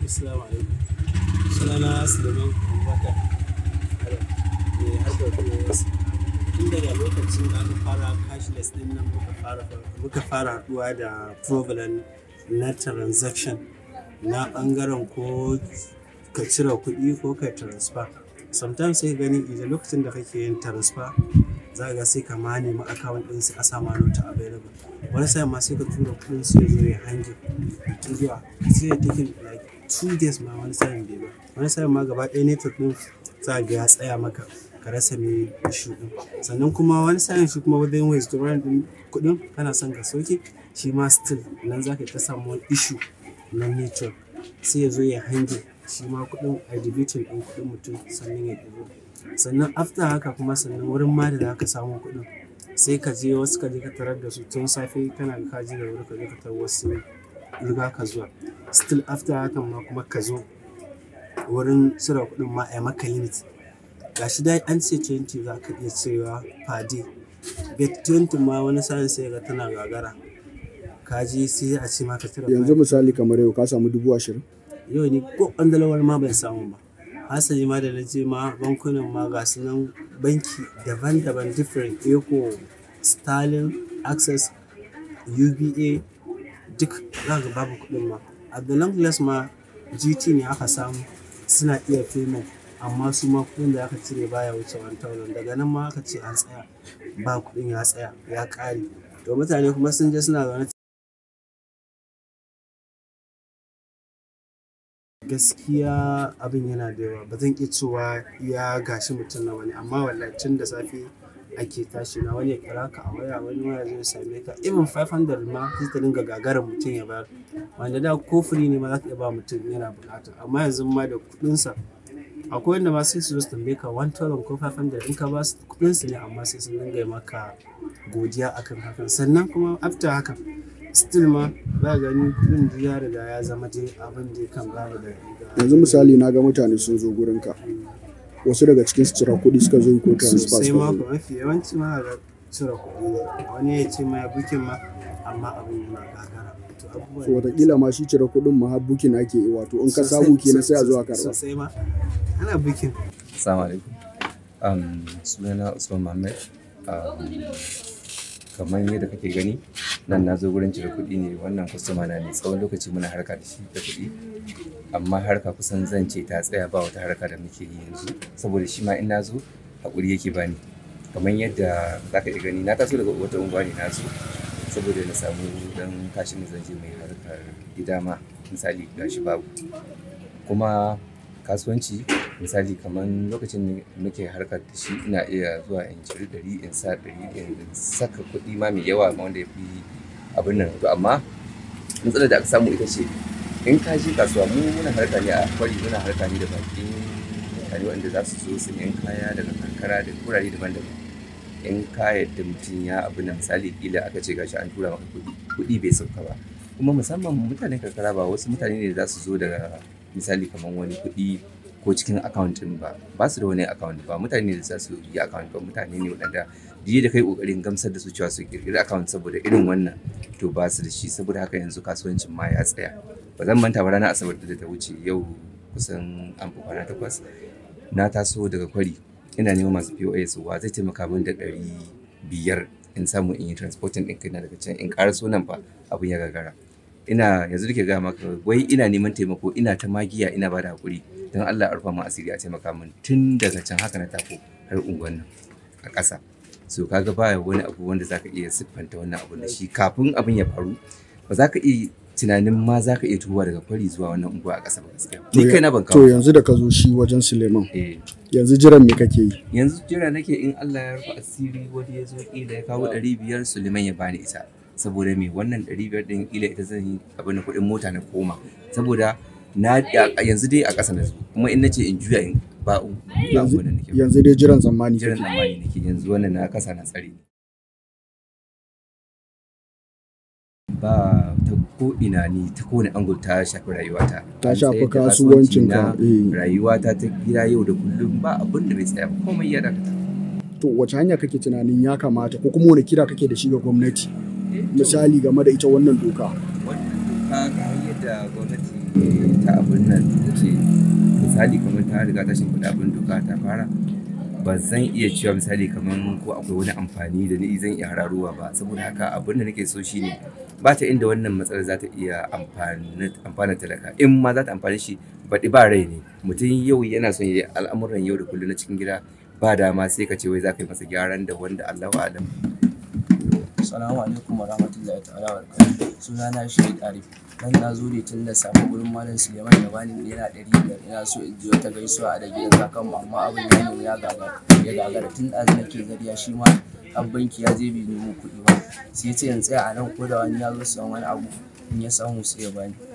Assalamu alaikum. Sunana Suleiman Abubakar. Mai harkar finance. Tun daga lokacin da aka fara cashless din nan muka fara muka fara haɗuwa da problem na transaction na ɓangaren ko ka cire kuɗi ko ka transfer. Sometimes sai gani idan lokacin da kake yin transfer za ga sai ka ma nemi account ɗin sai a sama nota available. Wani sai ma sai ka tura kuɗin sai ya zo ya hange. Zuwa sai ya taking like two days ma wani sa'in bai ba wani sa'in ma gaba ɗaya network ɗin za ga ya tsaya maka ka rasa mai ishu ɗin sannan kuma wani sa'in shi kuma wajen ways to run ɗin kuɗin kana son ka soke shi ma still nan za ka ta samu wani ishu na network sai ya zo ya hange shi ma kuɗin a debitin ɗin kuɗin mutum sannan ya ɗago sannan after haka kuma sannan wurin ma da za ka samu kuɗin sai ka je wasu ka je ka tarar da su tun safe kana ka je da wuri ka je ka tarar wasu riga ka zuwa still after hakan ma kuma ka zo wurin cire kuɗin ma a maka limit shi dai an ce 20 za ka iya cewa fadi bet 20 ma wani sa'in sai ga tana gagara ka ji sai a ce maka cire yanzu misali kamar yau ka samu dubu ashirin yau ni ko ɓandalawar ma ban samu ba hasali ma da na je ma bankunan ma ga su nan banki daban-daban different eco sterling access uba duk za babu kuɗin ma a the ma gt ne aka samu suna iya payment amma su ma kuɗin da aka cire baya wuce 1000 daga nan ma aka ce an tsaya ba kuɗin ya tsaya ya kare to mutane kuma sun je suna zaune gaskiya abin yana da yawa ba zan iya cewa ya gashi mutum na wani amma wallahi tun da safe ake tashi na wani ya kira ka a waya wani waya zai same ka even 500 ma zai ta dinga gagarar mutum ya bayar wanda da ko ne ma za ka iya ba mutum yana bukata amma yanzu ma da sa akwai wanda ma sai su zo su tambaye ka 1000 ko 500 in ka ba su kudin su ne amma sai sun dinga maka godiya akan hakan sannan kuma after hakan still ma za gani kudin ya riga ya zama dai abin da kan ba da yanzu misali na ga mutane sun zo gurinka wasu daga cikin su cira kuɗi suka zo ko transfer sai ma ba mafi yawanci ma da cira kuɗi wani ya ce ma ya bukin ma amma abin yana gagara so watakila ma shi cira kuɗin ma har bukin ake yi wato in ka samu kenan sai a zo a karɓa sosai ma ana bukin assalamu alaikum um, sunana usman muhammad um, kamar yadda kake gani nan na zo gurin cire kuɗi ne wannan kwastoma na ne tsawon lokaci muna harka da shi da kuɗi amma harka kusan zan ce ta tsaya ba wata harka da muke yi yanzu saboda shi ma in na zo haƙuri yake bani kamar yadda za ka iya gani na taso daga wata unguwa ne na zo saboda na samu dan kashin zan je mai harkar gida ma misali shi babu kuma kasuwanci misali kamar lokacin muke harkar da shi ina iya zuwa in ciri ɗari in sa ɗari in saka kuɗi ma mai yawa ma wanda ya fi abin nan to amma matsalar da aka samu ita ce in ka je kasuwa mu muna harka ne a kwari muna harka ne da baki mutane wanda za su zo su yan kaya daga karkara da wurare daban-daban in ka yadda mutum ya abin nan misali kila aka ce gashi an tura maka kuɗi kuɗi bai sauka ba kuma musamman mutanen karkara ba wasu mutane ne za su zo daga misali kamar wani kuɗi ko cikin account ba ba su da wani account ba mutane da za su yi account ba mutane ne waɗanda duk da kai ƙoƙarin gamsar da su cewa su ƙirƙiri account saboda irin wannan to ba su da shi saboda haka yanzu kasuwancin ma ya tsaya ba zan manta ba rana asabar da ta wuce yau kusan an kwana takwas na taso daga kwari ina neman masu pos wa zai taimaka min da ɗari biyar in samu in yi transporting ɗin na daga can in ƙara sunan ba abin ya gagara ina yanzu duke ga maka wai ina neman taimako ina ta magiya ina ba da hakuri don Allah a rufa mu asiri a taimaka min tun daga can haka na tafo har unguwan nan a ƙasa so kaga ba wani abu wanda zaka iya siffanta wannan abu da shi kafin abin ya faru ba za ka iya tunanin ma zaka iya tuhuwa daga kwari zuwa wannan unguwa a ƙasa ba gaskiya ni na ban kawo to yanzu da ka zo shi wajen Suleiman eh. yanzu jiran me kake yi yanzu jira nake in Allah ya rufa asiri wani ya zo kila ya kawo 500 Suleiman ya bani ita saboda me wannan ɗari biyar ɗin ila ita zan yi abin da kuɗin mota na koma saboda na yanzu dai a ƙasa na zo kuma in nace in juya in ba yanzu yanzu dai jiran tsammani jiran zamani nake yanzu wannan na ƙasa na tsare ba ta ko ina ni ta ko ni ango ta shafi rayuwata ta shafi kasuwancin ka eh. rayuwata ta gida yau da kullum ba abin da bai tsaya komai ya dakata to wace hanya kake tunanin ya kamata ko kuma wani kira kake da shi ga gwamnati misali game da ita wannan doka gwamnati ta abin nan ce misali kamar ta riga ta shimfiɗa abin doka ta fara ba zan iya cewa misali kamar ko akwai wani amfani da ni zan iya hararuwa ba saboda haka abin da nake so shi ne, ba ta inda wannan matsalar za ta iya amfana talaka in ma za ta amfani shi baɗi ba rai ne mutum yau yana son ya al'amuran yau da kullum na cikin gida ba dama sai ka ce wai za ka yi masa gyaran da wanda Allahu alam Assalamu alaikum wa rahmatullahi ta'ala wa barakatuh. Suna na Shahid Arif. Dan na zo ne tun da safe gurin Malam Suleiman da bani naira ɗari biyar. Ina so in je wata gaisuwa a dage da mu amma abin ya nuna ya gagara. Ya gagara tun da nake zarya, shi ma an banki ya je bai nemo kuɗi ba. Sai ya ce in tsaya a nan ko da wani ya zo sayan wani abu in ya samu sai ya bani.